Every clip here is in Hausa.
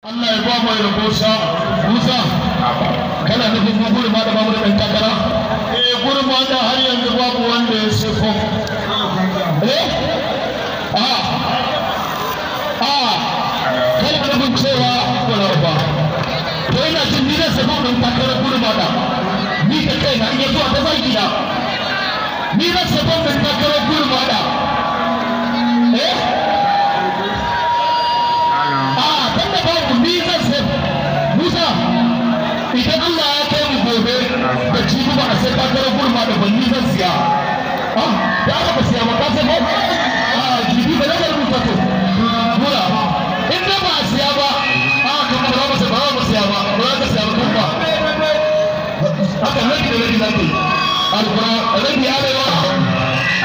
Allah ya ba mu da Musa Musa kana nufin mu gurin ma da babu da takara eh gurin ma da har yanzu babu wanda ya sifo eh a ah. a ah. kana nufin cewa kula ba to ina jin ni da sifo dan takara gurin ma da ni ka kai na iya zuwa ta zaki da ni da sifo dan takara gare gurma da banni zan siya ah, ba siya ba ka san ba ah, jibi rubuta to in ba siya ba ah, ba ba ba ba siya ba ba za ka siya ba haka nan da rabi zan yi rabi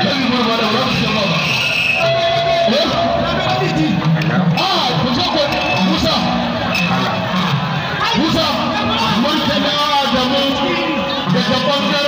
rabi gurma da siya ba eh? musa mun tana da mu daga